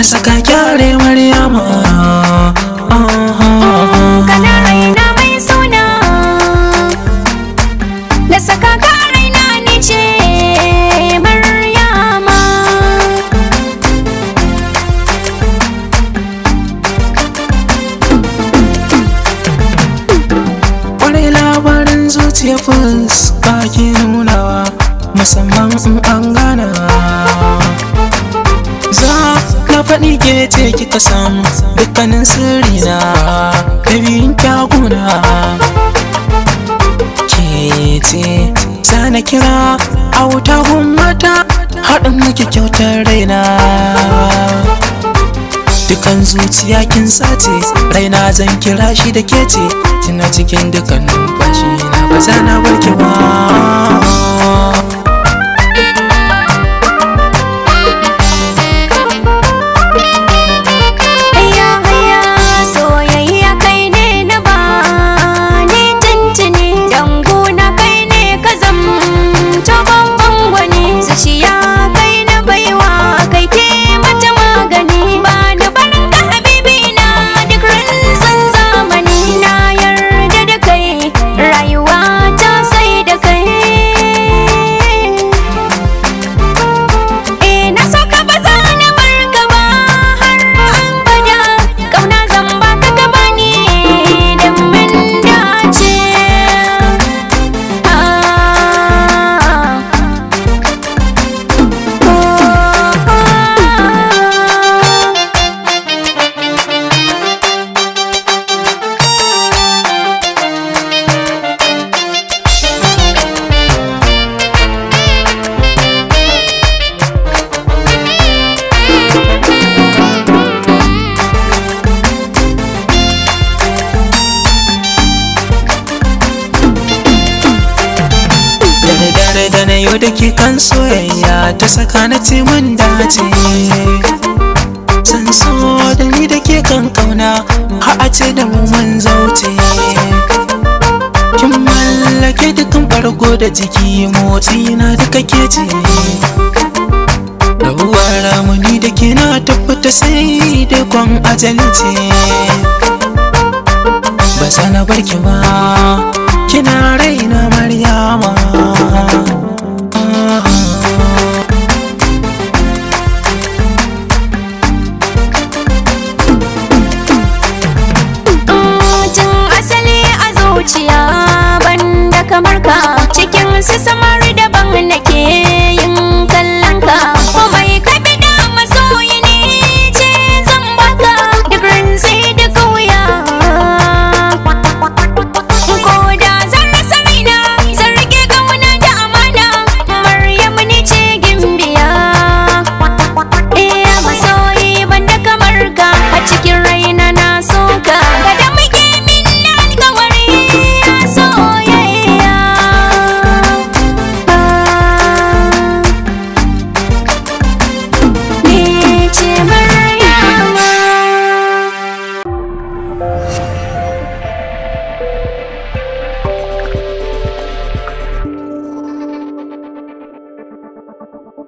na saka kyare maryama kana mai suna na saka ka ce maryama wani labarin zuciya fuska ke nunawa musamman in an gana ke ce kika san dukkanin sirri na kabirin kyaguna ke ce sana kira a wuta mata haɗin nake kyautar raina Dukkan zuciya kin sace raina zan kira shi da ke ce kina cikin dukkanin bashi, na ba za na yau da ke kan soyayya ta saka na ce mun dace so da ni da ke kan kauna ha a ce da mu mun zauce kin mallake dukan bargo da jiki motsi na duka ke ce Rawar ramuni da ke na tabbata sai da kwan ajalce Ba sana barki ba kina raina Maryam